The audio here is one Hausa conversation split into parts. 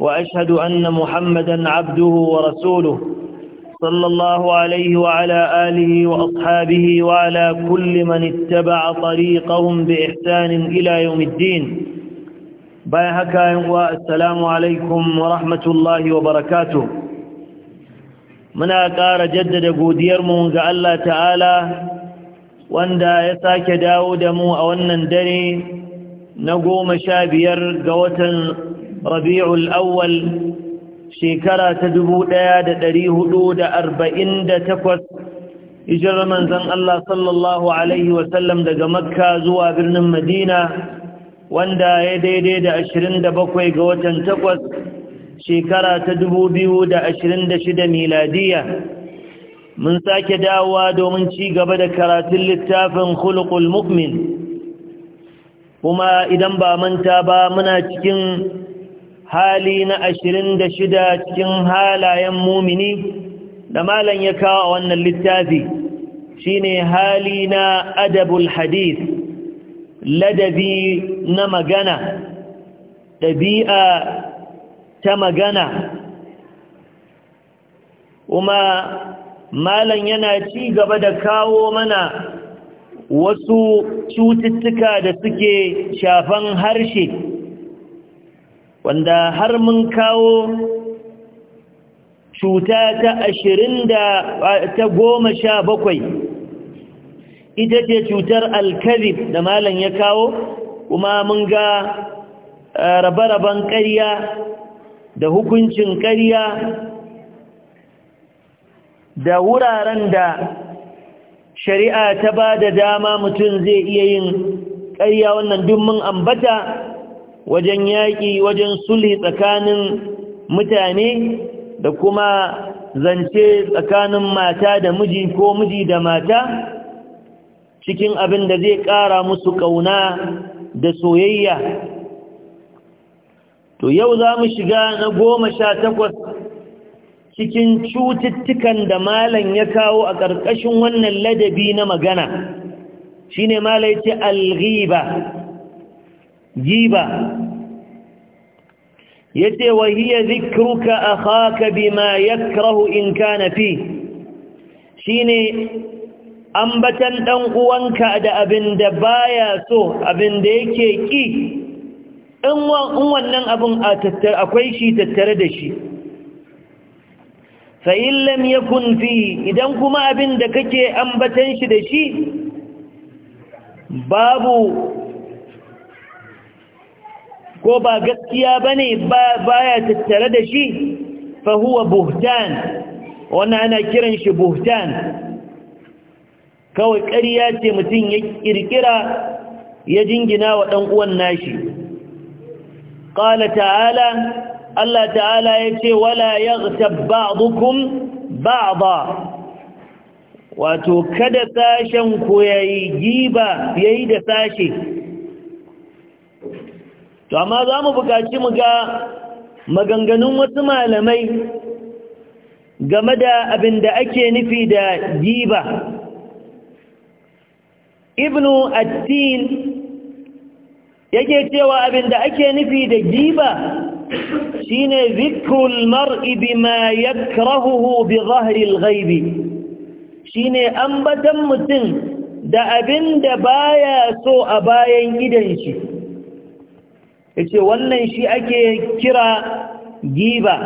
وأشهد أن محمدا عبده ورسوله صلى الله عليه وعلى آله وأصحابه وعلى كل من اتبع طريقهم بإحسان إلى يوم الدين بايهكا والسلام عليكم ورحمة الله وبركاته muna ƙara jaddada godiyarmu ga Allah ta'ala wanda ya sake dawo da mu a wannan dare na goma sha biyar ga watan rabi'ul awwal shekara ta dubu ɗaya da ɗari hudu da arba'in da takwas manzon Allah sallallahu Alaihi daga makka zuwa birnin madina wanda ya daidai da ashirin da bakwai ga watan takwas shekara ta dubu biyu da ashirin da shida miladiya mun sake dawowa domin ci gaba da karatun littafin khuluqul mu'min kuma idan ba manta ba muna cikin hali na ashirin da shida cikin halayen mumini da malan ya kawo a wannan littafi shine hali na adabul hadith ladabi na magana ɗabi'a ta magana kuma malan yana ci gaba da kawo mana wasu cututtuka da suke shafan harshe wanda har mun kawo cuta ta ashirin da ta goma sha bakwai ita ce cutar alkazib da malam ya kawo kuma mun ga eh, rabe-raben ƙarya da hukuncin ƙarya da wuraren da shari'a ta ba da dama mutum zai iya yin ƙarya wannan duk mun ambata wajen yaƙi wajen sulhi tsakanin mutane da kuma zance tsakanin mata da miji ko miji da mata cikin abin da zai ƙara musu ƙauna da soyayya to yau za mu shiga na goma sha takwas cikin cututtukan da malam ya kawo a ƙarƙashin wannan ladabi na magana shine malai ce alghiba giba yace wa hiya dhikruka akhaka bima yakrahu in kana fi shine ambatan dan uwanka da abin da baya so abin da yake ki in wannan abin akwai shi tattare da shi fa in lam yakun fi idan kuma abin da kake ambatan shi da shi babu ko ba gaskiya bane baya tattare da shi fa huwa buhtan wannan ana kiran shi buhtan kawai ƙarya ce mutum ya ƙirƙira ya jingina wa ɗan uwan nashi ƙala ta'ala Allah ta'ala yace wala yaghtab ba'dukum ba'da wato kada sashen ku yayi giba yayi da sashe to amma za mu buƙaci mu ga maganganun wasu malamai game da abin da ake nufi da giba ibnu attin yake cewa abin da ake nufi da giba shine zikrul mar'i bima yakrahuhu bi zahri al-ghaibi shine ambatan mutum da abin da baya so a bayan gidan shi yace wannan shi ake kira giba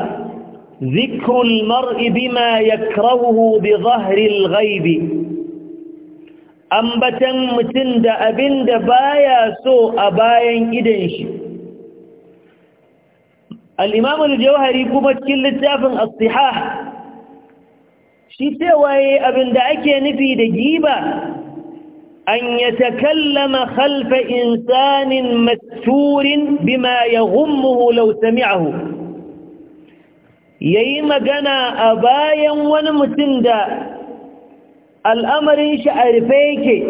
zikrul mar'i bima yakrahuhu bi dhahri gaibi ambatan mutum da abinda baya so a bayan idan shi alimamul imam jawhari kuma cikin littafin Asiha shi cewa abinda ake nufi da giba أن يتكلم خلف إنسان مستور بما يغمه لو سمعه ييما جنا أبايا ونمتندا الأمر شعرفيك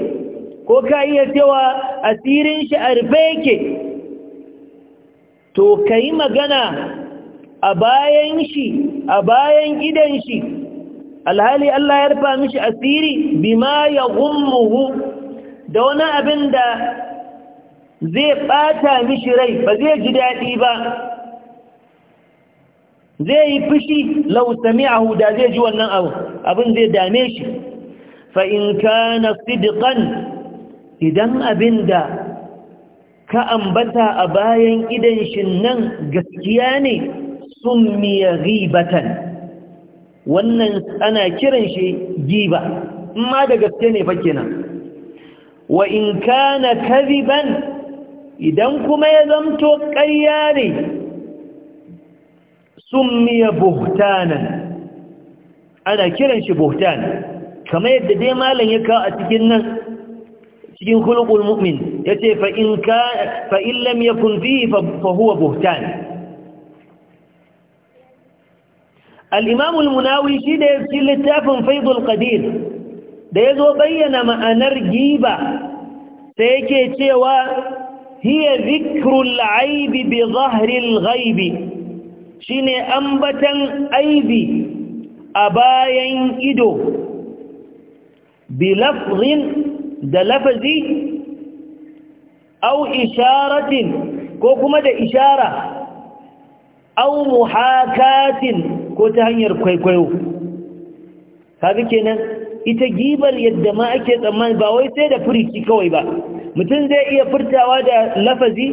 كوكاية سوى أسير شعرفيك to ka yi magana a bayan shi a bayan idan shi alhali Allah ya rufa mishi asiri bima ya gummuhu da wani abin da zai ɓata mishi rai ba zai ji daɗi ba zai yi fushi lausami a huda zai ji wannan abu abin zai dame shi in ka na sidiƙan idan abin da ka ambata a bayan idan shi nan gaskiya ne sun miya ribatan wannan ana kiran shi giba in ma da gaske ne fa kenan wa in kana kadhiban idan kuma ya zamto ƙarya ne summiya buhtanan ana kiran shi buhtan kamar yadda dai malam ya kawo a cikin nan cikin khuluqul mu'min yace fa in ka fa in lam yakun fihi fa huwa buhtan al-imam al-munawi shi da littafin faidul qadir da ya zo bayyana ma'anar giba sai yake cewa hiya zikrul aibi bi zahril ghaibi shine ambatan aibi a bayan ido bi lafzin da lafazi au isharatin ko kuma da ishara au muhakatin ko ta hanyar kwaikwayo kaga kenan ita gibar yadda ma ake tsammani ba wai sai da furiki kawai ba mutum zai iya furtawa da lafazi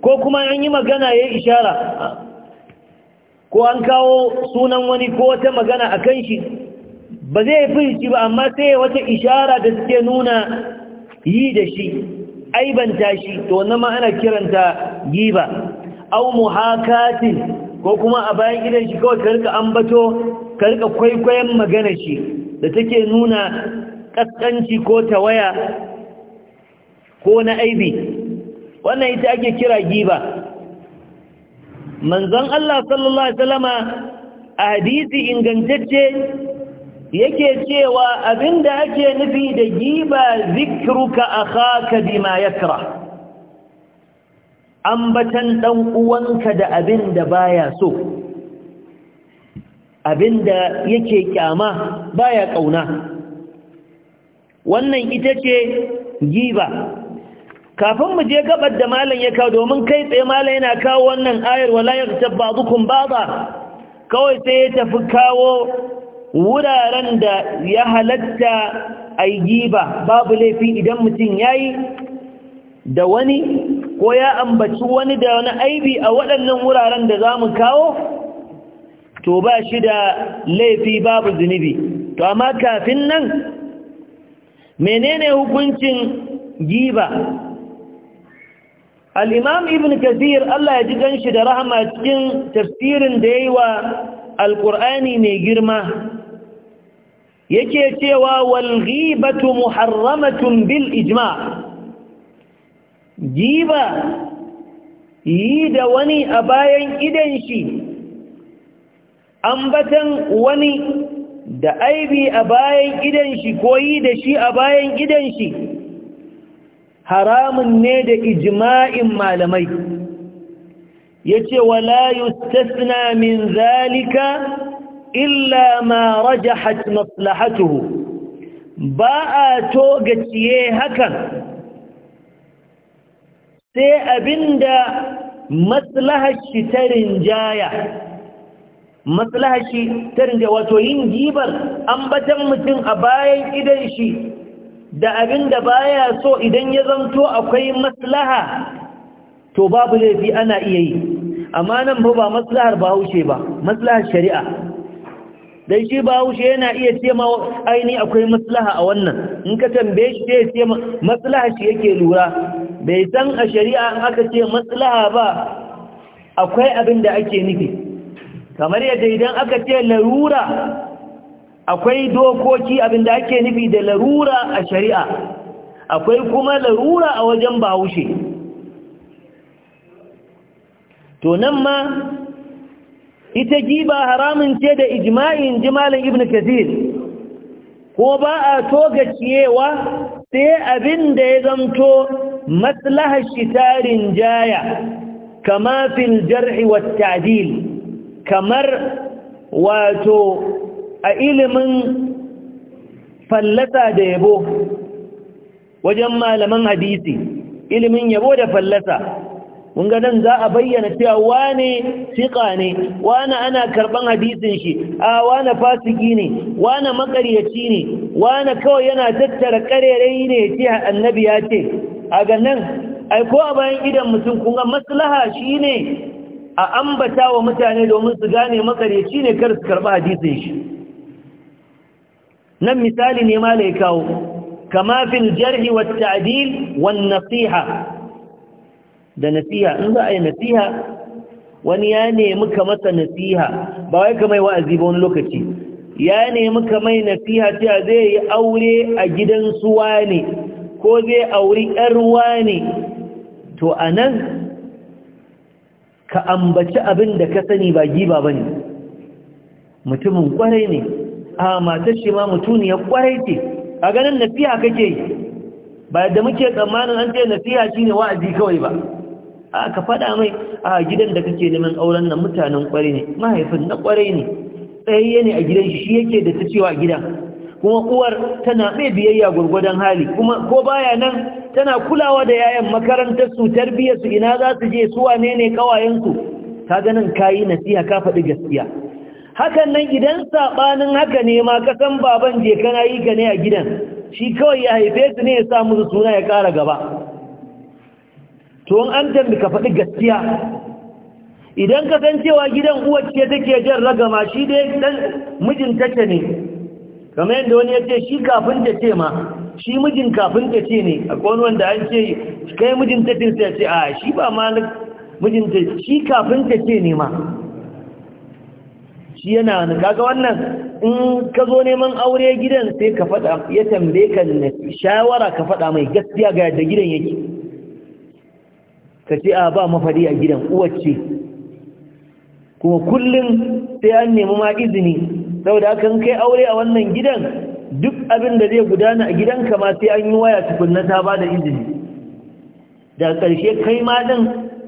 ko kuma an yi magana ya ishara ko an kawo sunan wani ko wata magana a kan shi ba zai furiki ba amma sai wata ishara da suke nuna yi da shi aibanta shi to wannan ma ana kiranta giba au muhakatin ko kuma a bayan gidan shi kawai karka ambato karka kwaikwayon magana shi da take nuna ƙasƙanci ko tawaya ko na aibi wannan ita ake kira giba manzon Allah sallallahu alaihi wasallama a hadisi ingantacce yake cewa abinda ake nufi da giba zikruka akhaka bima yakra ambatan dan uwanka da abinda baya so Abin da yake kyama baya ƙauna. wannan ita ce giba kafin mu je gabar da malam ya kawo domin kai tsaye malam yana kawo wannan ayar wala ta ba'dukum baba kawai sai ya tafi kawo wuraren da ya halatta a giba babu laifi idan mutum ya yi da wani ko ya ambaci wani da wani aibi a waɗannan wuraren da za mu kawo to ba shi da laifi babu zunubi to amma kafin nan menene hukuncin giba al'imam ibn kathir Allah ya ji ganshi da rahama cikin tafsirin da ya yi wa alƙur'ani mai girma yake cewa walghibatu muharramatun bil ijma giba yi da wani a bayan idan shi An ambatan wani da aibi a bayan idan shi koyi da shi a bayan idan shi haramun ne da ijma'in malamai yace wala yustasna min zalika illa ma rajahat maslahatuhu ba a to gaciye hakan sai abinda maslahar shi ta rinjaya maslaha shi ta rinja wato yin gibar ambatan mutum a bayan idan shi da abin da baya so idan ya zanto akwai maslaha to babu laifi ana iya yi amma nan ba maslahar bahaushe ba maslahar shari'a dai shi bahaushe yana iya ce ma aini akwai maslaha a wannan in ka tambaye shi sai ce maslaha shi yake lura bai san a shari'a an aka ce maslaha ba akwai abin da ake nufi kamar yadda idan aka ce larura akwai dokoki abinda ake nufi da larura a shari'a akwai kuma larura a wajen bahaushe to nan ma ita giba haramun ce da ijma'in jimalin ibn kathir ko ba a toga ciyewa sai abin da ya zamto maslahar shitarin jaya kama fil jar'i wa ta'dil kamar wato a ilimin fallasa da yabo wajen malaman hadisi ilimin yabo da fallasa ga nan za a bayyana cewa wane siƙa ne wane ana karɓan hadisin shi a wane fasiki ne wane makaryaci ne wane kawai yana tattara ƙarerai ne ce annabi ya ce a ga nan ai ko a bayan idan mutum kunga maslaha shi ne a ambata wa mutane domin su gane makareci ne kar su karɓi hadisin shi nan misali ne ma lai kawo kama fil jarhi wa ta'dil wan nasiha da nasiha in za a yi nasiha wani ya nemi ka masa nasiha ba wai kamar wa'azi ba wani lokaci ya nemi ka mai nasiha cewa zai yi aure a gidan suwa ne ko zai auri ƴar ne to anan ka ambaci abin da ka sani ba giba ba ne mutumin kwarai ne a matar shi ma ya kwarai ce a ganin nasiha kake yi ba yadda muke tsammanin an ce nasiha shi ne wa'azi kawai ba a ka faɗa mai a gidan da kake neman auren nan mutanen kwarai ne mahaifin na kwarai ne tsayayya ne a gidan shi yake da ta cewa gidan kuma uwar tana mai biyayya gwargwadon hali kuma ko baya nan tana kulawa da yayan makarantar su tarbiyyar su ina za su je su wane ne kawayen su ka ganin kayi nasiha ka faɗi gaskiya hakan nan idan sabanin haka ne ma ka san baban je kana yi ka ne a gidan shi kawai ya haife su ne ya sa musu suna ya ƙara gaba to an tambi ka faɗi gaskiya idan ka san cewa gidan uwacce take jan ragama shi dai dan mijin tace ne kamar yadda wani ya ce shi kafin ta ce ma shi mijin kafin ta ce ne a wanda an ce kai mijin ta tinsa ce a shi ba ma mijin ta shi kafin ta ce ne ma shi yana kaga wannan in ka zo neman aure gidan sai ka faɗa ya tambaye ka na. shawara ka faɗa mai gaskiya ga yadda gidan yake ka ce a ba mafari a gidan uwace kuma kullum sai an nemi ma izini saboda kan kai aure a wannan gidan duk abin da zai gudana a gidanka ma sai an yi waya tukunna ta ba da izini da ƙarshe kai ma ɗin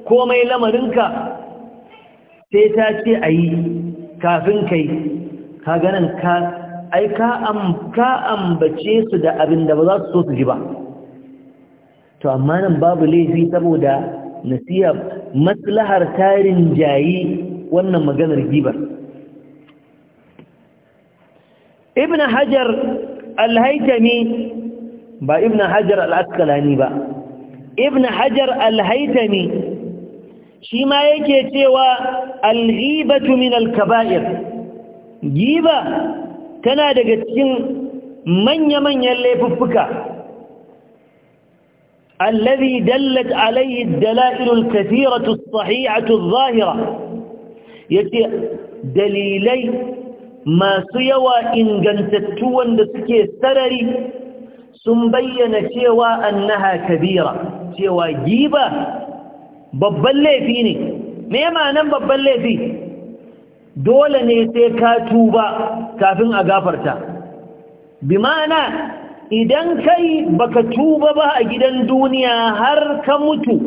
komai lamarinka sai ta ce a yi kafin kai ka ganin ka ai ka ambace su da abin da ba za su so su ji ba to amma nan babu laifi saboda nasiya maslahar tarin jayi wannan maganar gibar ibn hajar al-haitami ba ibn hajar al ba ibn hajar al-haitami shi ma yake cewa al-ghibatu min al-kaba'ir giba tana daga cikin manya-manyan laifuffuka الذي دلت عليه الدلائل الكثيرة الصحيحة الظاهرة يتي دليلي masu yawa ingantattu wanda suke sarari sun bayyana cewa annaha kabira cewa giba babban laifi ne me ma'anan babban laifi dole ne sai ka tuba kafin a gafarta bi ma'ana idan kai baka tuba ba a gidan duniya har ka mutu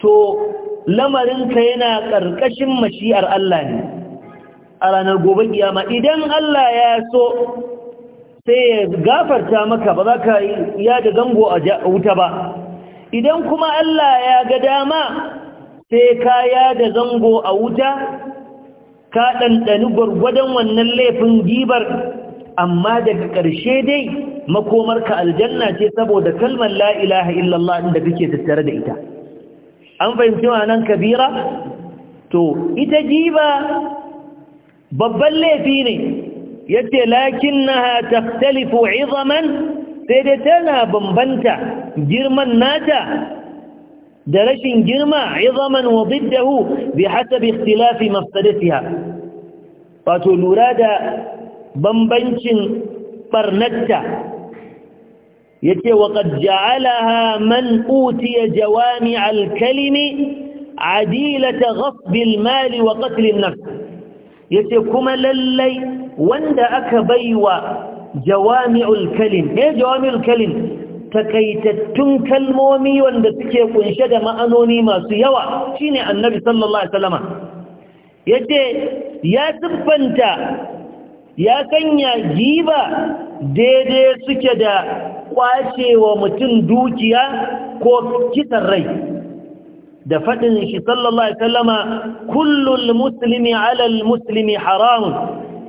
to lamarinka yana ƙarƙashin mashi'ar Allah ne a ranar gobe kiyama idan Allah ya so sai ya gafarta maka ba za ka ya da gango a wuta ba idan kuma Allah ya ga dama sai ka ya da zango a wuta ka ɗanɗani gwargwadon wannan laifin gibar amma daga ƙarshe dai makomarka aljanna ce saboda kalmar la'ilaha illallah inda kake tattare da ita an fahimci nan kabira to ita giba babban laifi ne yace lakinnaha taftalifu izaman sai dai tana bambanta girman nata da rashin girma izaman wa diddahu bi hasabi ikhtilafi mafsadatiha wato lura da bambancin barnatta yace wa qad ja'alaha man utiya jawami alkalimi adilata ghasb mali wa qatl an yace kuma lallai wanda aka baiwa jawami'ul kalim eh jawami'ul kalim takaitattun kalmomi wanda suke kunshe da ma'anoni masu yawa shine annabi sallallahu alaihi wasallam yace ya siffanta ya sanya giba daidai suke da kwashewa mutum dukiya ko kisan rai da faɗin shi sallallahu Alaihi sallama kullum musulmi alal musulmi haramun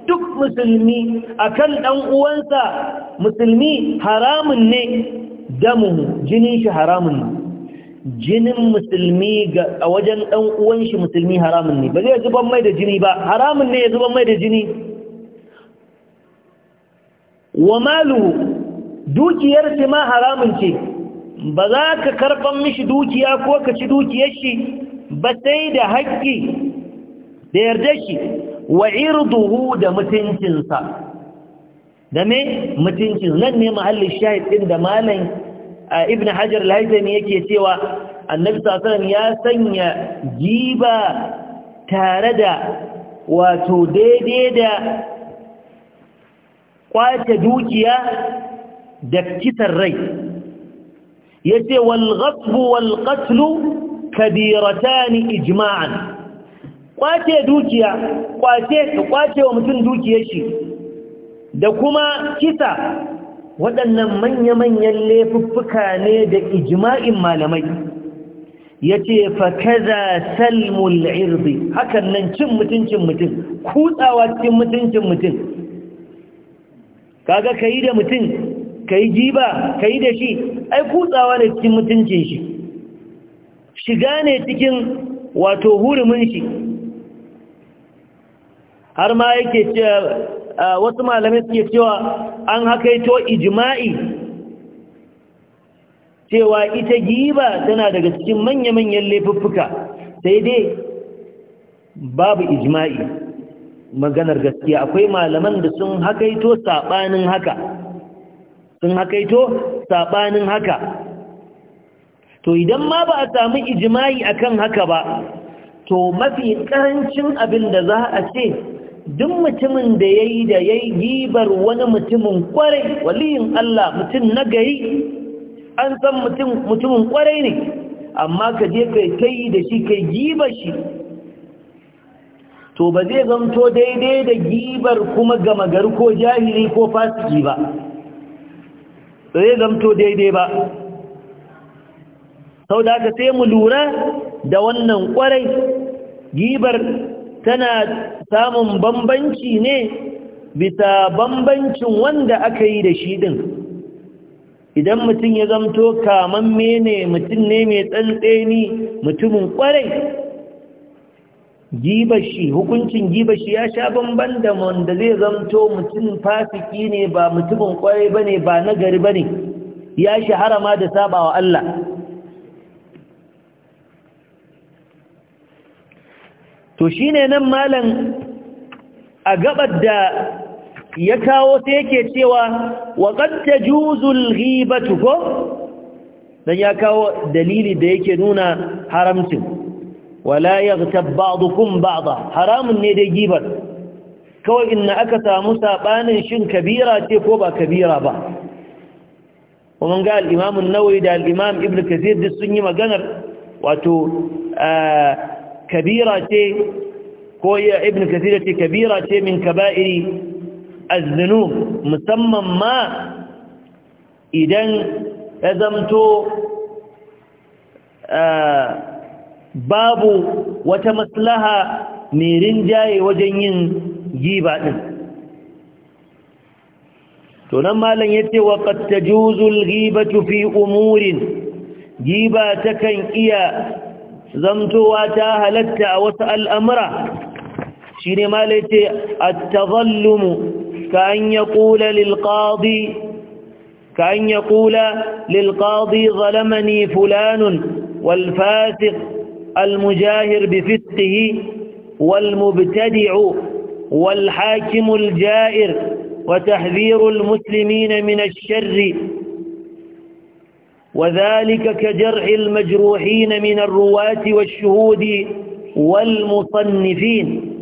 duk musulmi akan ɗan uwansa musulmi haramun ne damu jinin shi haramun ne jinin musulmi a wajen ɗan uwan shi musulmi haramun ne ba zai zuban mai da jini ba haramun ne ya zuban mai da jini wa malu dukiyar shi ma haramun ce ba za ka karɓar mishi dukiya ko ka ci dukiyar shi ba sai da haƙƙi da yarda shi wa irduhu da mutuncinsa da me mutuncin nan ne mahallin shahid ɗin da malam ibn hajar al yake cewa annabi sallallahu ya sanya jiba tare da wato daidai da kwace dukiya da kisan rai yace wal ghasbu wal qatlu ijma'an kwace dukiya kwace kwace wa mutum dukiyar shi da kuma kisa waɗannan manya-manyan laifuffuka ne da ijma'in malamai yace fa kaza salmul irbi hakan nan cin mutuncin mutum kutsawa cikin mutuncin mutum kaga kai da mutum kai ka kai da shi ai kutsawa ne cikin mutuncin shi shiga ne cikin wato hurumin shi har ma yake ce wasu malamai suke cewa an haka to ijima'i? cewa ita giba tana daga cikin manya-manyan laifuffuka sai dai babu ijima'i. maganar gaskiya akwai malaman da sun hakaito saɓanin haka sun hakaito saɓanin haka to idan ma ba a sami ijimai akan haka ba to mafi ƙarancin abin da za a ce duk mutumin da ya yi da ya yi gibar wani mutumin ƙwarai, waliyin Allah mutum na gari an san mutumin ƙwarai ne amma ka je kai kai da shi kai gibar shi to ba zai zanto daidai da gibar kuma gama gari ko jahili ko fasiki ba ba zai zamto daidai ba sau da aka sai mu lura da wannan kwarai gibar tana samun bambanci ne bisa bambancin wanda aka yi da shi din idan mutum ya zamto kaman mene mutum ne mai tsantseni mutumin kwarai gibashi hukuncin gibashi ya sha bamban da wanda zai zamto mutum fasiki ne ba mutumin kwarai bane ba nagari bane ya shahara ma da sabawa Allah to shine nan malam a gabar da ya kawo sai yake cewa wa qad al ghibatu ko dan ya kawo dalili da yake nuna haramcin wala yaghtab ba'dukum ba'da haramun ne dai gibar kawai in aka samu saɓanin shin kabira ce ko ba kabira ba kuma ga al-Imam da al Ibn Kathir duk sun yi maganar wato kabira ce ko ya Ibn Kathir ce kabira ce min kaba'iri az musamman ma idan ya zamto babu wata maslaha mai rinjaye wajen yin giba din to nan malam yace ce wa ƙatta juzul ghibatu fi umurin giba ta kan iya zamtowa ta halatta a wasu al'amura shi ne malam ya ce a tazallumu ka an ya ƙula lilƙadi كأن يقول للقاضي ظلمني فلان والفاسق المجاهر بفتقه والمبتدع والحاكم الجائر وتحذير المسلمين من الشر وذلك كجرح المجروحين من الرواة والشهود والمصنفين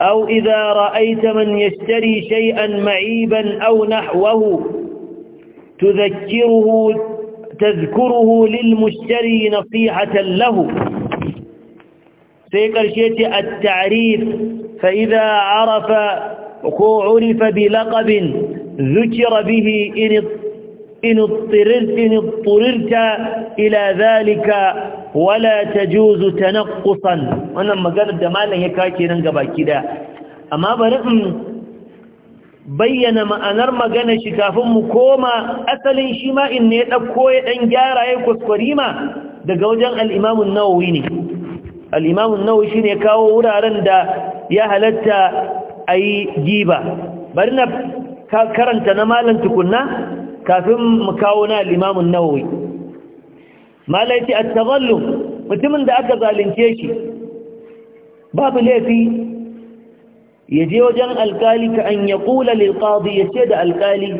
أو إذا رأيت من يشتري شيئا معيبا أو نحوه تذكره تذكره للمشتري نصيحة له سيكر شيء التعريف فإذا عرف عرف بلقب ذكر به إن إن اضطررت, إن اضطررت إلى ذلك ولا تجوز تنقصا وانا مقال الدمال يكاكي ننقبا كده أما برئم bayyana ma'anar magana shi kafin mu koma asalin shi ma in ne ɗauko ya ɗan gyara ya kuskure ma daga wajen al'imamun nawawi ne al'imamun nawawi shi ne kawo wuraren da ya halatta a yi giba bari na karanta na malam tukunna kafin mu kawo na al'imamun nawawi malaiti a mutumin da aka zalunce shi babu laifi ya je wajen alkali ka an ya kula lilqadi ya ce da alkali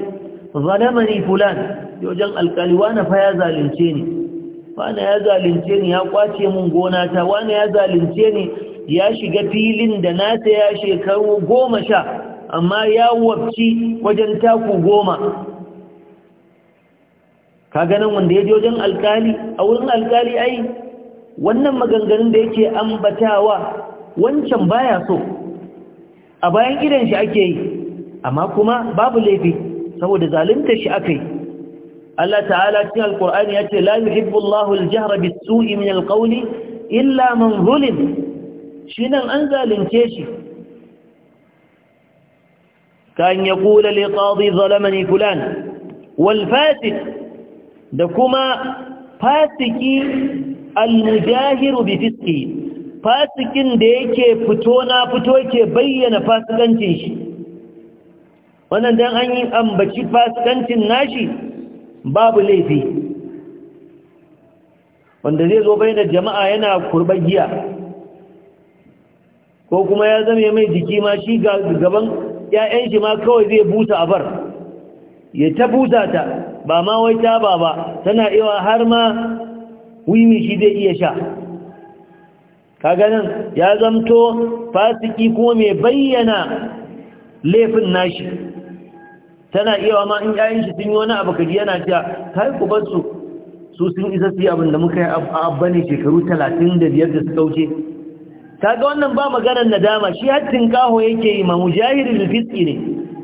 zalamani fulan ya wajen alkali wani fa ya zalunce ni wani ya zalunce ni ya kwace mun gona ta ya zalunce ni ya shiga filin da na saya shekaru goma sha amma ya wabci wajen taku goma Ka ganin wanda ya je wajen alkali a wurin alkali ai wannan maganganun da yake ambatawa wancan baya so a bayan gidan shi ake yi amma kuma babu laifi saboda zalunta shi aka yi Allah ta'ala cikin alkur'ani ya ce la yuhibbu Allahu al-jahra bis-su'i min al illa man zulim shi nan an zalunce shi kan ya kula li qadi zalamani fulan wal fasik da kuma fasiki al-mujahiru bi fisqihi fasikin da yake fito na fito yake bayyana fasikancin shi wannan dan an yi ambaci fasikancin nashi babu laifi wanda zai zo bayyana jama'a yana kurbagiya giya ko kuma ya zama mai jiki ma shi gaban 'ya'yan shi ma kawai zai busa a bar ya ta busa ta ba ma wai ta ba ba tana yawa, har ma wiwi shi zai iya sha Ka kaganin ya zamto fasiki kuma mai bayyana laifin nashi tana iya ma in yayin shi sun yi wani abu kaji yana cewa kai ku bar su sun isa su abin da muka yi abba ne shekaru talatin da biyar da suka wuce ta ga wannan ba maganar nadama shi hattin kaho yake yi ma mujahirin fiski ne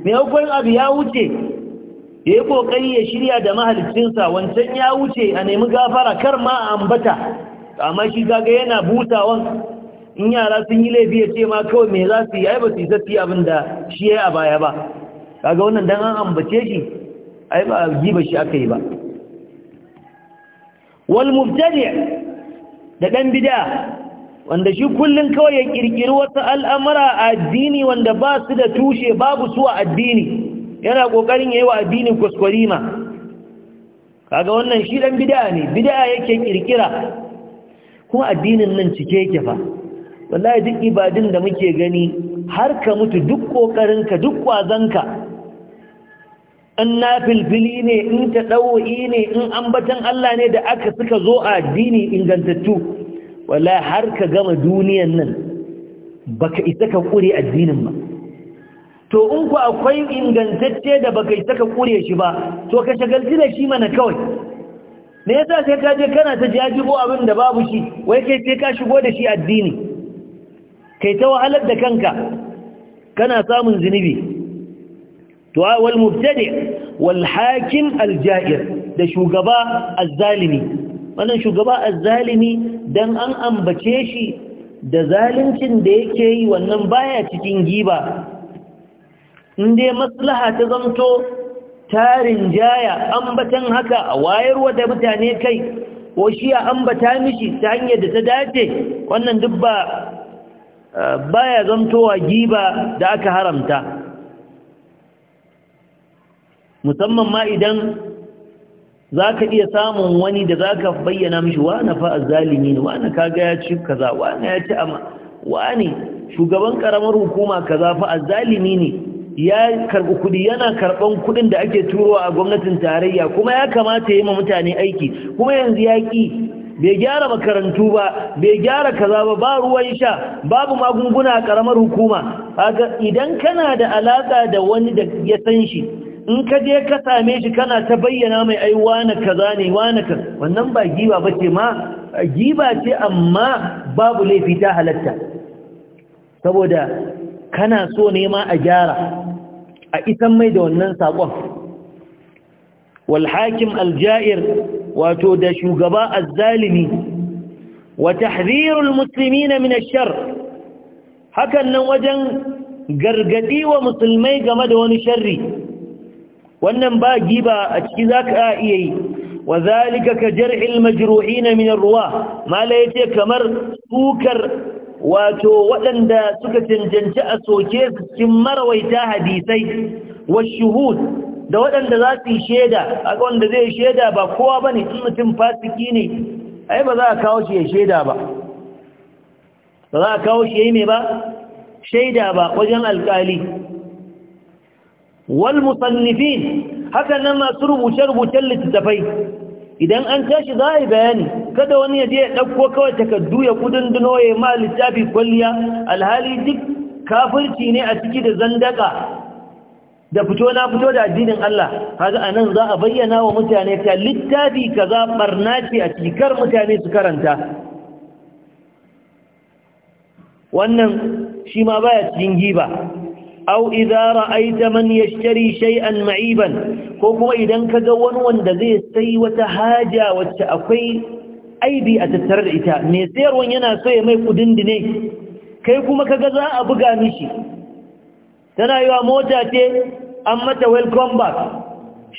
mai hukun abu ya wuce ya yi kokari ya shirya da mahalicinsa wancan ya wuce a nemi gafara kar ma a ambata amma shi kaga yana butawan in yara sun yi laifi ya ce ma kawai me za su yi ai ba su yi zafi abin da shi ya yi a baya ba kaga wannan don an ambace shi ai ba a giba shi aka yi ba wal mubtadi da dan bid'a wanda shi kullun kawai ya kirkiri wata al'amara a addini wanda ba su da tushe babu su a addini yana kokarin yayi wa addini kuskurima kaga wannan shi dan bid'a ne bid'a yake kirkira kuma addinin nan cike yake fa wallahi duk ibadin da muke gani har ka mutu duk ka duk kwazanka an na filfili ne in ta dawo'i ne in ambatan Allah ne da aka suka zo a addini ingantattu wallahi har ka gama duniyan nan baka isa ka kure addinin ba to in ku akwai ingantacce da baka isa ka kure shi ba to ka shagalci da shi mana kawai me yasa sai ka je kana ta jajibo abin da babu shi wai kai sai ka shigo da shi addini kai ta wahalar da kanka kana samun zunubi to wal mubtadi wal hakim al ja'ir da shugaba az-zalimi wannan shugaba az dan an ambace shi da zaluncin da yake yi wannan baya cikin giba in dai maslaha ta zamto tarin jaya ambatan haka a wayarwa da mutane kai ko shi a ambata mishi ta hanyar da ta dace wannan duk ba baya zamtowa giba da aka haramta musamman ma idan za ka iya samun wani da za ka bayyana mishi wane fa zalimi ne wane kaga ya ci kaza wane ya ci Wa wane shugaban ƙaramar hukuma kaza fa zalimi ne ya karɓi kuɗi yana karɓan kuɗin da ake turowa a gwamnatin tarayya kuma ya kamata ya yi ma mutane aiki kuma yanzu ya ƙi bai gyara makarantu ba bai gyara kaza ba ba ruwan sha babu magunguna a ƙaramar hukuma haka idan kana da alaƙa da wani da ya san shi in ka je ka same shi kana ta bayyana mai ai wane kaza ne wani kaza wannan ba giba ba ce ma giba ce amma babu laifi ta halatta saboda kana so ne ma a gyara a isan mai da wannan saƙon walhakim aljair wato da shugaba azzalimi wa tahdhirul musulmi na ash-shar hakan nan wajen gargadi wa musulmai game da wani sharri wannan ba giba a ciki zaka iya yi wa zalika ka jar'il na min ruwa mala yace kamar sukar wato waɗanda suka cancanci a soke cikin marawaita hadisai wa shuhud da waɗanda za su yi shaida a wanda zai shaida ba kowa ba ne in mutum fasiki ne ai ba za a kawo shi ya shaida ba ba za a kawo shi ya yi mai ba shaida ba wajen alkali wal musannifin haka nan masu rubuce-rubucen littattafai idan an tashi za a yi bayani kada wani ya je ya ɗauko kawai takardu ya kudin duno ya yi ma littafi kwalliya alhali duk kafirci ne a ciki da zandaka da fito na fito da addinin Allah haka a nan za a bayyana wa mutane ta littafi kaza barna ce a cikar mutane su karanta wannan shi ma baya cikin giba au idza ra'aita man yashtari shay'an ma'iban ko kuma idan kaga wani wanda zai sai wata haja wacce akwai aibi a tattare da ita mai sayarwan yana so ya mai kudin dine kai kuma kaga za a buga mishi tana yiwa mota ce an mata welcome back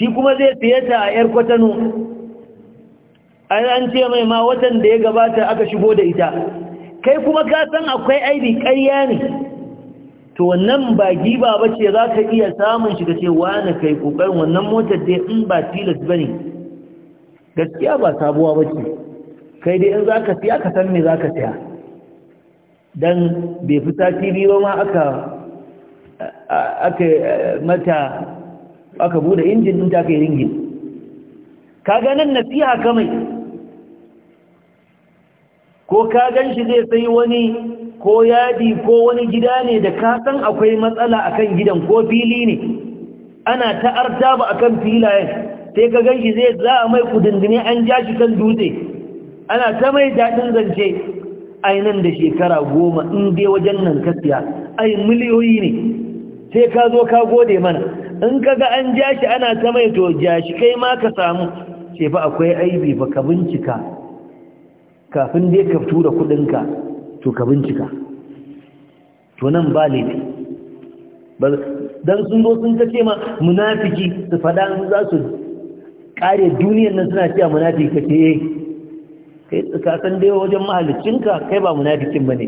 shi kuma zai siye ta a yar kwatano an ce mai ma watan da ya gabata aka shigo da ita kai kuma ka san akwai aibi ƙarya ne to wannan ba giba ba ce za ka iya samun shi cewa na kai ƙoƙarin wannan motar dai in ba tilas ba ne gaskiya ba sabuwa ba ce kai dai in za ka siya ka san me za ka siya don bai fi sati biyu ba ma aka aka mata aka bude injin ɗin ta kai ringin ka ganin nasiha kamai ko ka gan shi zai sai wani ko yadi ko wani gida ne da ka san akwai matsala akan gidan ko fili ne ana ta'arta ba akan filayen sai ka gan shi zai za a mai kudindini an ja shi kan dutse ana ta mai daɗin zance ai nan da shekara goma in dai wajen nan ka ai miliyoyi ne sai ka zo ka gode mana in ka ga an ja shi ana ta mai to ja shi kai ma ka samu ce akwai aibi ba ka bincika kafin dai ka fito da kudinka to ka bincika to nan ba laifi dan sun zo sun kace ma munafiki su fada za su kare duniyar nan suna cewa munafiki kace eh kai ka san dai wajen mahaliccinka kai ba munafikin bane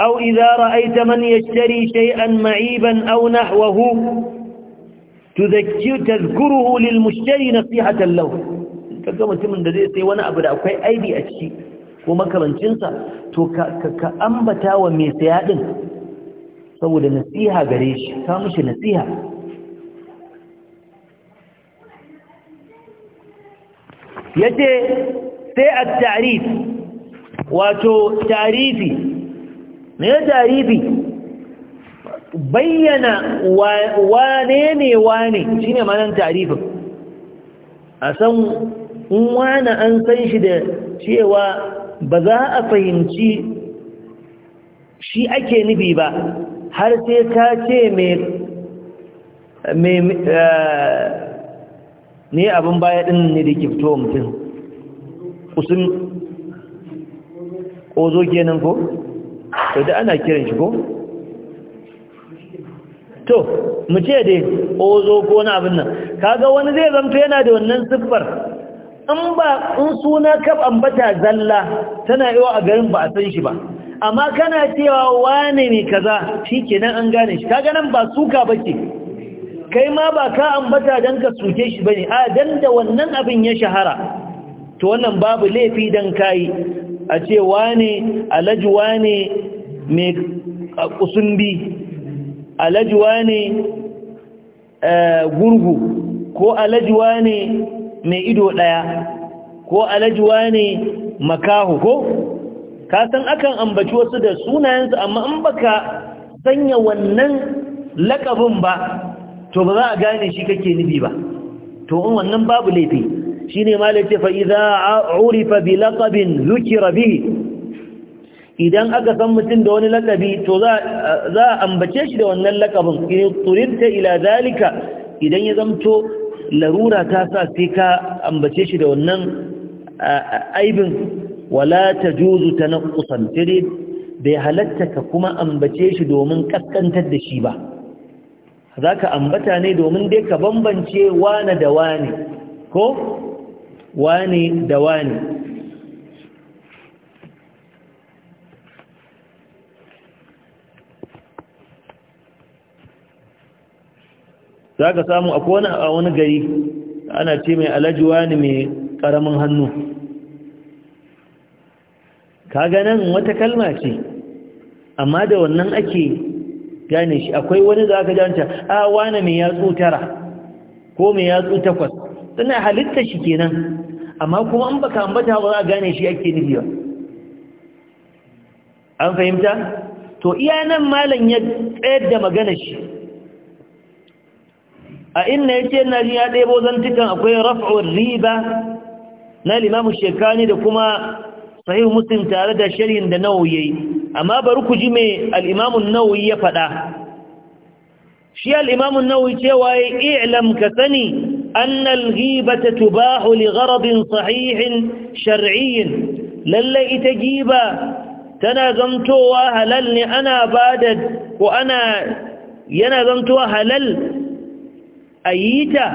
أو إذا رأيت من يشتري شيئا معيبا أو نحوه تذكره للمشتري نصيحة له kaga mutumin da zai sai wani abu da akwai aibi a ciki ko makamancinsa to ka ambata wa mai saya din saboda nasiha gare shi ka mishi nasiha yace sai a tarif wato ta'rifi me ta'rifi bayyana wane ne wane shine ma'anar ta'rifin a san in wani an san shi da cewa ba za a fahimci shi ake nufi ba har sai ka ce mai ne eh, abin baya ɗin ne da kifto mutum usul ƙozo kenan ko? to da ana kiran shi ko? to mu ce dai ƙozo ko na abin nan kaga wani zai zamto yana da wannan siffar in ba in suna ka ambata zalla tana yawa a garin ba a san shi ba amma kana cewa wane ne kaza shikenan an gane shi kaga nan ba suka bace kai ma ba ka ambata dan ka suke shi bane a dan da wannan abin ya shahara to wannan babu laifi dan kai a ce wane alaji wane mai kusumbi alaji wane eh, gurgu ko alaji wane mai ido ɗaya ko alajuwa ne makahu ko ka san akan ambaci wasu da sunayensu amma an baka sanya wannan lakabin ba to ba za a gane shi kake nufi ba to in wannan babu laifi shine malace fa idza urifa bi laqabin zukira bihi idan aka san mutum da wani lakabi to za a ambace shi da wannan lakabin in turinta ila zalika idan ya zamto larura ta sa sai ka ambace shi da wannan aibin wala ta juzu ta na kusantiri, bai halatta ka kuma ambace shi domin kaskantar da shi ba za ka ambata ne domin dai ka bambance wane da wane ko wane da wane za ka samu a kone a wani gari ana ce mai alajuwa ne mai ƙaramin hannu ka ganin wata kalma ce amma da wannan ake gane shi akwai wani za ka janta a wane mai yatsu tara ko mai yatsu takwas suna halitta shi kenan amma kuma an baka ambata ba za a gane shi ake nufi ba an fahimta to iya nan malam ya tsayar da magana shi a inna yace ce na ya ɗebo zantukan akwai raf'ul riba na limamu shekani da kuma sahihu muslim tare da sharhin da nawawi amma bari ku ji me al-imamu ya faɗa shi al-imamu cewa ya i'lam ka sani anna al ta tubahu li gharadin sahihin shar'iyyin lalle ita giba tana zantowa halal ne ana da ko ana yana zantowa halal a yi ta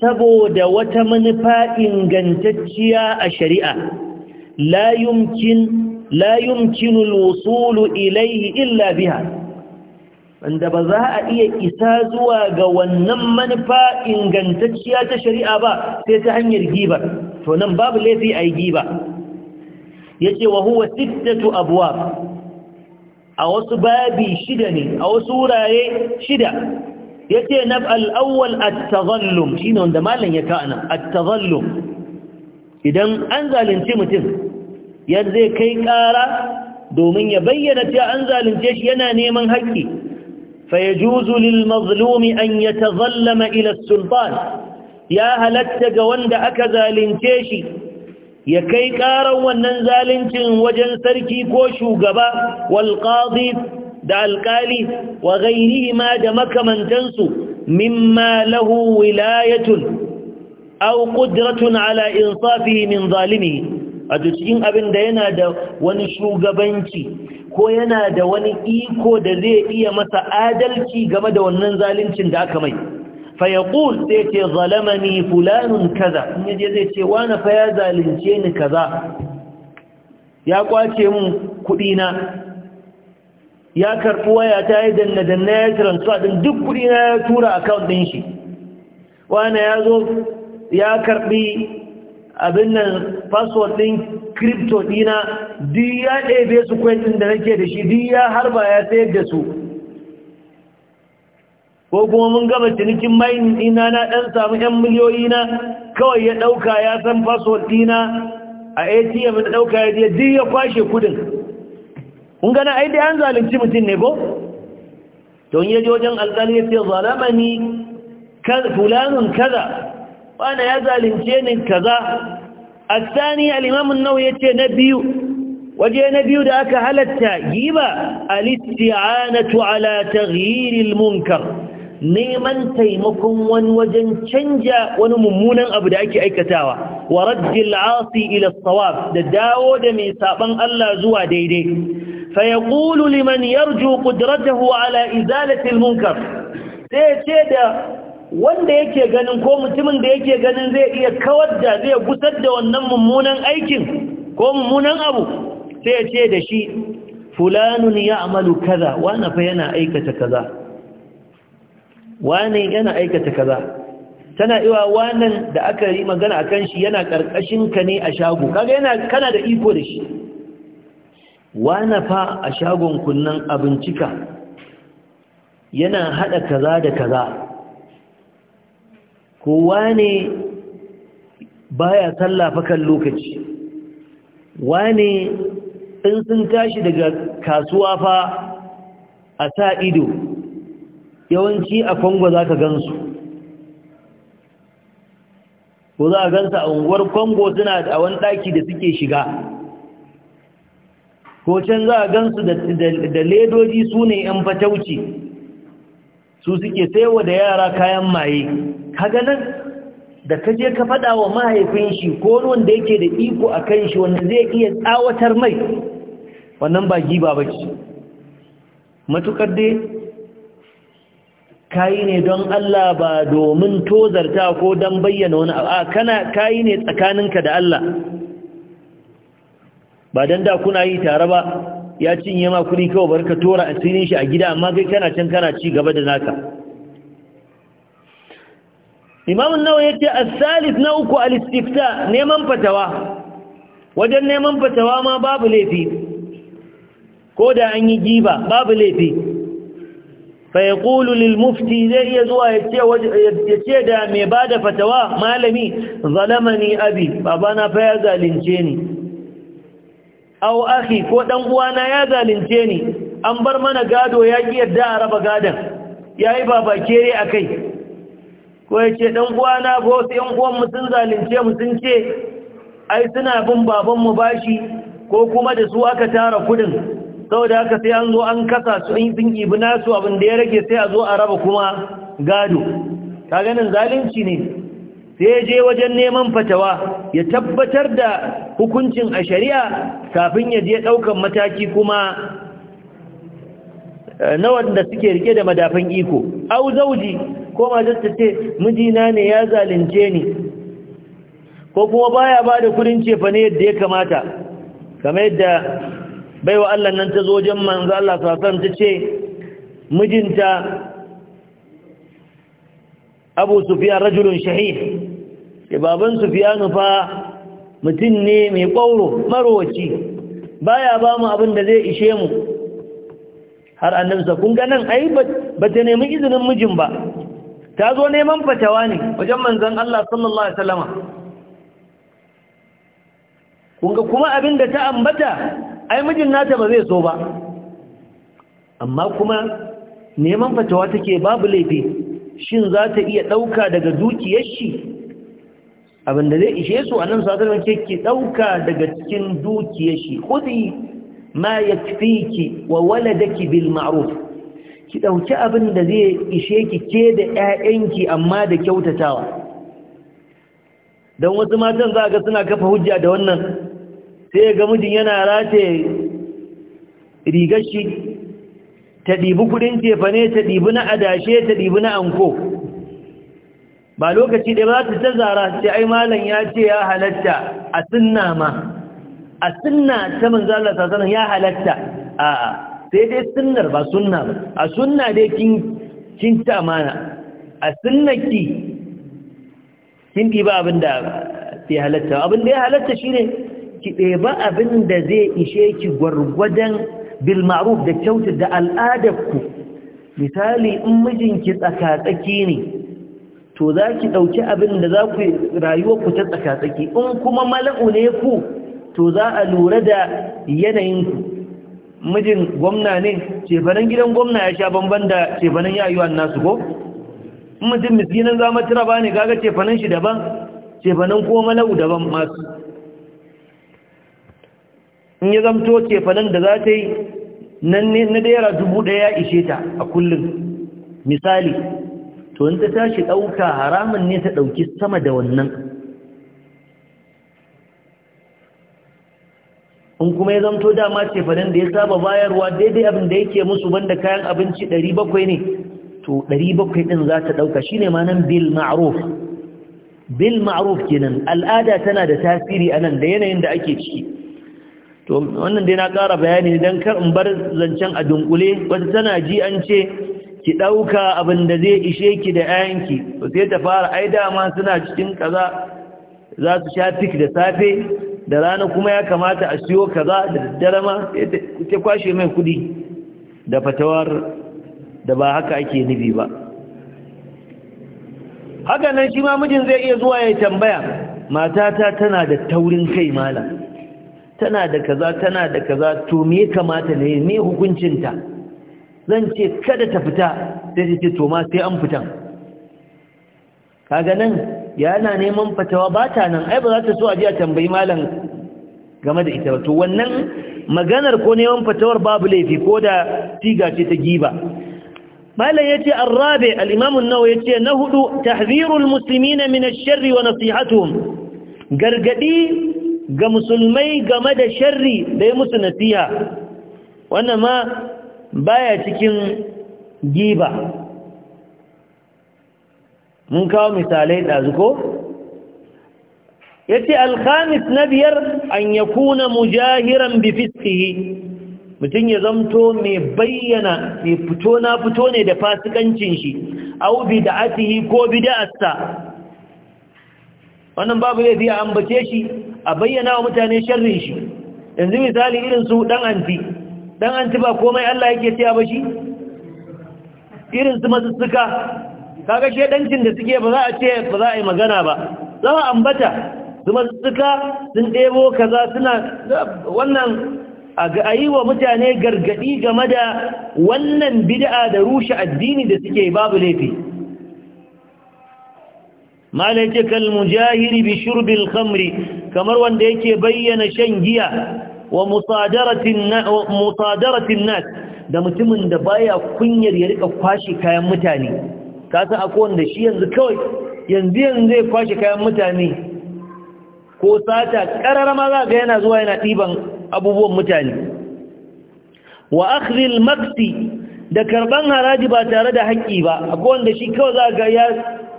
saboda wata manufa ingantacciya a shari'a la yumkin wusulu ilaihi illa biha wanda ba za a iya isa zuwa ga wannan manufa ingantacciya ta shari'a ba sai ta hanyar giba to nan babu laifi a yi giba ce, wa huwa sittatu abwab a wasu babi shida ne a wasu wurare shida yace na al-awwal at-tadhallum shine wanda malam ya ka anan idan an zalunci mutum yadda zai kai ƙara domin ya bayyana cewa an zalunce shi yana neman haƙƙi fa Juzulil lil mazlumi an yatazallama ila as-sultan ya halatta ga wanda aka zalunce shi ya kai ƙaran wannan zaluncin wajen sarki ko shugaba wal da alkali wa ma da makamantansu mimma lahu wilayatun aw qudratun ala insafi min zalimi a cikin abin da yana da wani shugabanci ko yana da wani iko da zai iya masa adalci game da wannan zaluncin da aka mai fa yaqul sai ce zalamani fulanun kaza in yaje zai ce wani fa ya zalunce ni kaza ya kwace mun kudi na ya karɓi waya ta yi danna-danna ya transfer ɗin duk kuɗi na ya tura account ɗin shi wani ya zo ya karɓi abin nan password ɗin crypto ɗina duk ya ɗebe su kwentin da nake da shi duk ya harba ya sayar da su ko kuma mun gaba cinikin main ɗina na ɗan samu 'yan miliyoyi na kawai ya ɗauka ya san password ɗina a atm da ɗauka ya je duk ya kwashe kudin kun gana ai dai an zalunci mutum ne ko to in yaje wajen alƙali ya ce zalamani fulanun kaza wani ya zalunce ni kaza الثاني ya ce na biyu. waje na biyu da aka halatta giba alisti'anatu ala taghyiril munkar neman taimakon wani wajen canja wani mummunan abu da ake aikatawa wa raddil asi ila sawab da dawo da mai saban Allah zuwa daidai فيقول لمن يرجو قدرته على إزالة المنكر سيتيدا wanda yake ganin ko mutumin da yake ganin zai iya kawar da zai gusar da wannan mummunan aikin ko mummunan abu sai ya ce da shi fulanun ya amalu kaza wane fa yana aikata kaza wane yana aikata kaza tana iwa wannan da aka yi magana akan shi yana karkashin ka ne a shago kaga yana kana da iko da shi Wana fa a shagon kunnan abincika yana haɗa kaza da kaza ko wane baya tallafakan kan lokaci wane in sun tashi daga kasuwa fa a sa ido yawanci a kwango za ka gansu ko za a gansa a unguwar kwango suna a wani ɗaki da suke shiga ko can za a gansu da ledoji su ne ‘yan fatauci su suke saiwa da yara kayan maye kaga nan da kaje ka faɗa wa mahaifin shi ko wanda yake da iko a kan shi wanda zai iya tsawatar mai wannan ba giba ba ce matukar dai kayi ne don Allah ba domin tozarta ko don bayyana wani a kana kayi ne tsakaninka da Allah ba don da kuna yi tare ba ya cinye ma kuɗi kawai barka tora asirin shi a gida amma kai kana can kana ci gaba da naka imam nawa ya ce asalis na uku alistifta neman fatawa wajen neman fatawa ma babu laifi ko da an yi giba babu laifi fai kulu lilmufti zai iya zuwa ya ce da mai ba da fatawa malami zalamani abi babana fa ya zalince ni aw akhi ko dan uwana ya zalunce ni an bar mana gado ya ki yadda a raba gadan yayi baba kere akai ko yace dan uwana ko yan uwan mu sun zalunce mu sun ce ai suna bin baban mu bashi ko kuma da su aka tara kudin saboda haka sai an zo an kasa su in sun ibna su abin da ya rage sai a zo a raba kuma gado ka ganin zalunci ne sai ya je wajen neman fatawa ya tabbatar da hukuncin a shari'a kafin ya je ɗaukan mataki kuma eh, na wanda suke rike da madafan iko au zauji ko majalta ce mijina ne ya zalunce ni ko kuma baya ba da kudin cefa ne yadda ya kamata kamar yadda baiwa Allah nan ta zo wajen manzo Allah sallallahu alaihi ta ce mijinta abu Sufiya rajulun shahid ke baban sufiyanu fa mutum ne mai ƙwauro marowaci baya ba mu abin da zai ishe mu har annabisa kun ganin, nan ai ba ta nemi izinin mijin ba ta zo neman fatawa ne wajen manzan Allah sallallahu Alaihi wasallama kunga kuma abin da ta ambata ai mijin nata ba zai so ba amma kuma neman fatawa take babu laifi shin za ta iya ɗauka daga dukiyar shi abinda zai ishe su a nan sadarwar ce ki ɗauka daga cikin dukiyar shi kudi ma ya fi ki wa waladaki bil ma'ruf ki ɗauki abin da zai ishe ki ke da 'ya'yanki amma da kyautatawa don wasu matan za ga suna kafa hujja da wannan sai ga mijin yana rataye rigar shi ta ɗibi kudin ne ta ɗibi na adashe ta ɗibi na anko ba lokaci ɗaya ba su ta zara ce ai malam ya ce ya halatta a sunna ma a sunna ta manzala sasanin ya halatta a sai dai sunnar ba sunna ba a sunna dai kin ta amana a ki. kin ɗiba abin da ke halatta abin da ya halatta shi ne ki ba abin da zai ishe ki gwargwadon bil ma'ruf da kyauta da al'adarku misali in mijinki tsakatsaki ne to za ki ɗauki abin da za ku rayuwarku ta tsakatsaki in kuma mala'u ne ku to za a lura da yanayinku mijin gwamna ne cefanen gidan gwamna ya sha bamban da cefanen yayuwan nasu ko mijin miskinin zama tira ba ne kaga cefanen shi daban cefanen ko mala'u daban masu in ya zamto ke fanan da za ta yi na daira dubu ɗaya ya ishe ta a kullum misali to in ta tashi ɗauka haramun ne ta ɗauki sama da wannan in kuma ya zamto dama ce da ya saba bayarwa daidai abin da yake musu banda kayan abinci 700 ne to 700 bakwai ɗin za ta ɗauka shi ne manan bil ma'aruf bil ma'aruf kenan al'ada tana da tasiri a nan da yanayin da ake ciki to wannan dai na ƙara bayani don kar in bar zancen a dunkule wata tana ji an ce ki ɗauka abin da zai ishe ki da 'ya'yanki to sai ta fara ai dama suna cikin kaza za su sha fik da safe da rana kuma ya kamata a siyo kaza da daddare ma ta kwashe mai kuɗi da fatawar da ba haka ake nufi ba haka nan shi ma mijin zai iya zuwa ya tambaya matata tana da taurin kai malam tana da kaza tana da kaza to me kamata ne me hukuncinta zan ce kada ta fita sai ce to ma sai an fitan kaga nan yana neman fatawa ba ta nan ai ba za ta so a ji a tambayi malam game da ita ba to wannan maganar ko neman fatawar babu laifi ko da tiga ce ta giba malam yace arrabe al-imam nawawi yace na hudu tahzirul muslimina min ash-sharri wa nasihatuhum gargadi ga musulmai game da sharri da ya musu nasiha wannan ma baya cikin giba mun kawo misalai ɗazu ko Ya ce alkhamis na biyar an yakuna mujahiran bi fiskihi mutum ya zamto mai bayyana mai fito na fito ne da fasikancin shi au bid'atihi ko bi bid'atsa wannan babu zai biya ambace shi a bayyana wa mutane sharrin shi yanzu misali irin su dan anti dan anti ba komai Allah yake cewa ba shi irin su masussuka kaga dancin da suke ba za a ce ba za a yi magana ba za a ambata su masussuka sun debo kaza suna wannan a yi wa mutane gargadi game da wannan bid'a da rushe addini da suke babu laifi malaka kal mujahiri bi khamri kamar wanda yake bayyana shan giya wa musadaratin nas da mutumin da baya kunyar ya rika kwashe kayan mutane ka san akwai wanda shi yanzu kawai yanzu yanzu zai kwashe kayan mutane ko sata karara ma za ga yana zuwa yana ɗiban abubuwan mutane wa akhdhil maksi. da karban haraji ba tare da haƙƙi ba akwai wanda shi kawai za ga ya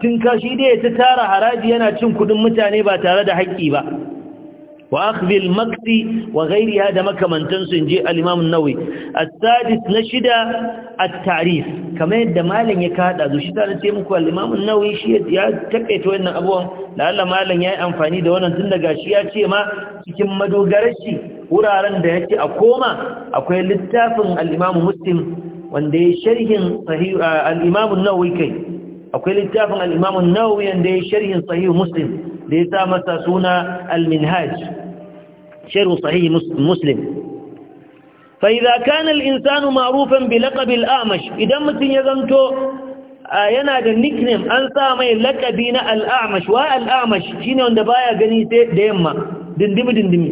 tinka shi dai ta tara haraji yana cin kudin mutane ba tare da haƙƙi ba wa akhdhil maqti wa ghayriha da makamantan su inji al-Imam an-Nawawi sadis na shida at-ta'rif kamar yadda malam ya kada zu shi tare ce muku al-Imam an-Nawawi shi ya takaita wannan abuwan lalla malam yayi amfani da wannan tun daga shi ya ce ma cikin madogarar wuraren da yake a koma akwai littafin al-Imam Muslim wanda ya sharhin kai akwai littafin al-imam wanda ya sharhin sahihu muslim da ya sa masa suna al-minhaj sharh sahih muslim fa idza insanu ma'rufan bi idan mutum ya zanto yana da nickname an sa mai lakabi na al'amash, wa al'amash shi shine wanda baya gani sai da yamma dindimi dindimi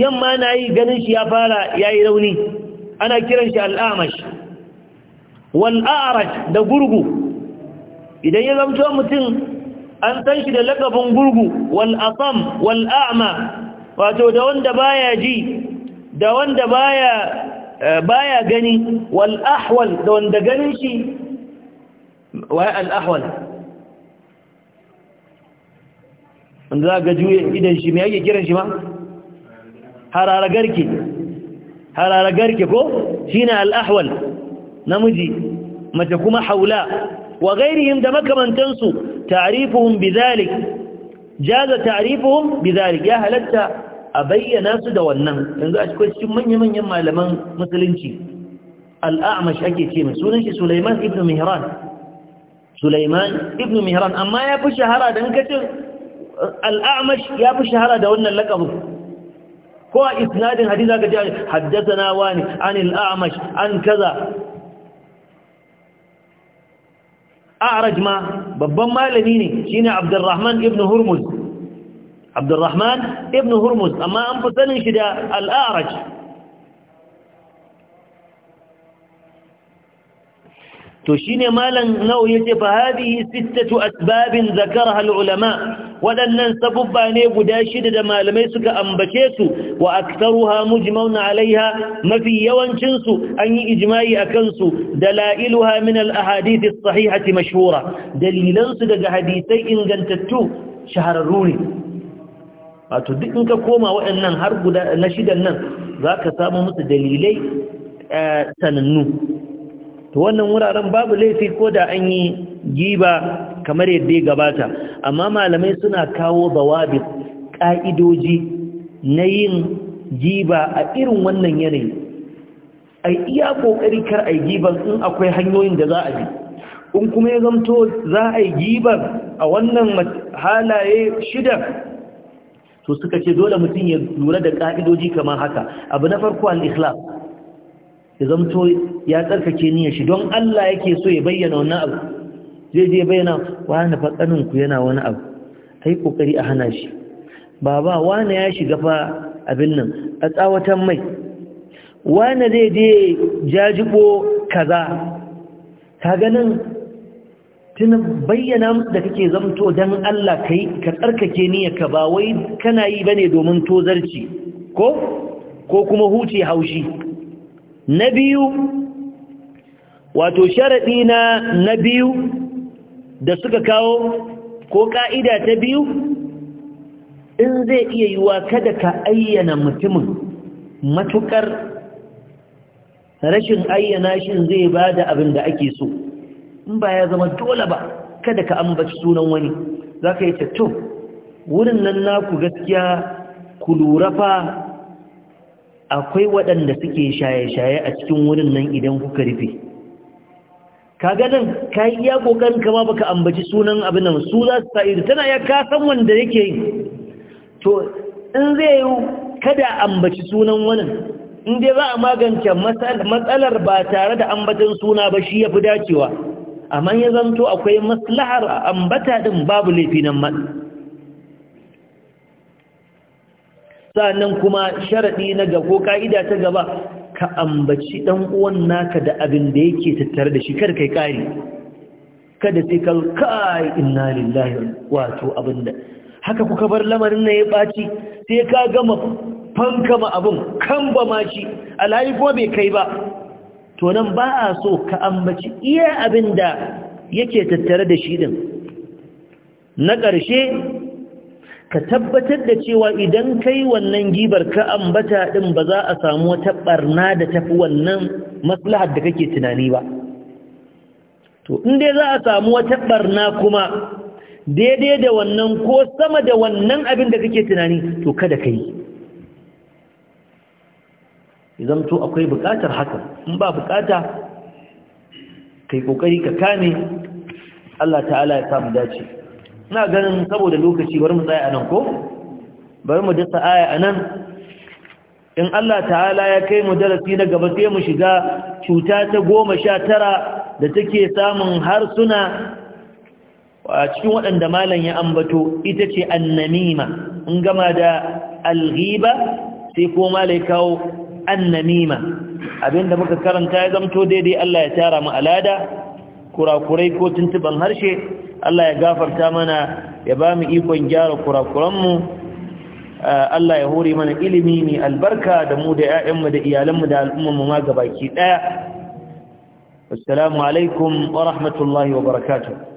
yamma yi ganin shi ya fara yayi rauni ana kiran shi al'amash. wal'araj da gurgu idan ya zamto mutum an san shi da lakabin gurgu wal'asam wal'a'ma wato da wanda baya ji da wanda baya eh, baya gani wal'ahwal da wanda ganin shi waye al'ahwal wanda za ga juye idan shi mai ake kiran shi ma hararagarki hararagarki ko shi ne al'ahwal namiji mace kuma haula wa gairihim da makamantansu ta'rifuhum bidhalik jaza ta'rifuhum bidhalik ya halatta a bayyana su da wannan yanzu a cikin cikin manya-manyan malaman musulunci al'amash ake ce mai sunan shi Sulaiman ibn Mihran Sulaiman ibn Mihran amma ya fi shahara da kace al'amash ya fi shahara da wannan laƙabin ko a isnadin hadisa ga Haddasa na wani an al-a'mash an kaza أعرج ما ببما لنيني شين عبد الرحمن ابن هرمز عبد الرحمن ابن هرمز أما أنفسني شدا الأعرج تشين مالا نو يتفى فهذه ستة أسباب ذكرها العلماء waɗannan sabubba ne guda shida da malamai suka ambace su wa aktaruha mujmaun alaiha mafi yawancinsu, an yi ijma'i akan su da Lailu al ahadith as sahihati mashura dalilan daga hadisai ingantattu shahararru ne wato duk in ka koma waɗannan har guda na shidan nan zaka samu musu dalilai eh, sanannu to wannan wuraren babu laifi ko da an yi giba kamar yadda ya gabata amma malamai suna kawo bawabi ƙa'idoji na yin giba a irin wannan yanayi a iya ƙoƙari kar a giban in akwai hanyoyin da za a bi in kuma ya zamto za a yi giban a wannan halaye shida to suka ce dole mutum ya lura da ƙa'idoji kamar haka abu na farko al-ikhlas ya zamto ya tsarkake niyyar shi don Allah yake so ya bayyana wannan abu zai je bayyana wani fa ku yana wani abu ai kokari a hana shi baba wani ya shiga fa abin nan a tsawatan mai wani zai je jajibo kaza ka ganin tun bayyana da kake zamto don Allah kai ka tsarkake niyyarka ba wai kana yi bane domin tozarci ko ko kuma huce haushi na biyu wato sharadi na na biyu da suka kawo ko ƙa'ida ta biyu in zai iya yiwa kada ka ayyana mutumin matuƙar rashin ayyana shi zai ba da abin da ake so in ba ya zama dole ba kada ka ambaci sunan wani za ka yi tattu wurin nan naku gaskiya ku lura fa akwai waɗanda suke shaye-shaye a cikin wurin nan idan kuka rufe kaga nan ka yi iya kokarin kama baka ambaci sunan abin nan su za su sa'idu tana ya ka wanda yake yi to in zai yi kada ambaci sunan wani inda za a magance matsalar ba tare da ambatan suna ba shi ya fi dacewa amma ya zanto akwai maslahar ambata din babu laifi nan ma sannan kuma sharaɗi na ga ko ka'ida ta gaba ka ambaci dan uwan naka da abin da yake tattare da shi kar kai kari kada sai ka kai inna lillahi wato abinda haka kuka bar lamarin na ya baci sai ka gama fankama abin kan ba ma shi alhali kuma bai kai ba to nan ba a so ka ambaci iya abin da yake tattare da shi din na ƙarshe ka tabbatar da cewa idan kai wannan gibar ka ambata din ba za a samu wata barna da tafi wannan maslahar da kake tunani ba to in dai za a samu wata barna kuma daidai da wannan ko sama da wannan abin da kake tunani to kada ka yi idan to akwai bukatar haka in ba bukata kai kokari ka kame Allah ta'ala ya samu dace ina ganin saboda lokaci bari mu tsaya anan ko bari mu dasa aya anan in Allah ta'ala ya kai mu darasi na gaba sai mu shiga cuta ta goma sha tara da take samun harsuna a cikin waɗanda malam ya ambato ita ce annamima in gama da alghiba sai ko malai kawo annamima abinda muka karanta ya zamto daidai Allah ya tara mu alada kurakurai ko tuntuban harshe Allah ya gafarta mana ya ba mu ikon gyara kurakuranmu eh, Allah ya hore mana ilimi mai albarka da mu da 'ya'yanmu da iyalanmu da al'ummanmu ma gabaki ɗaya assalamu alaikum wa rahmatullahi wa barakatuh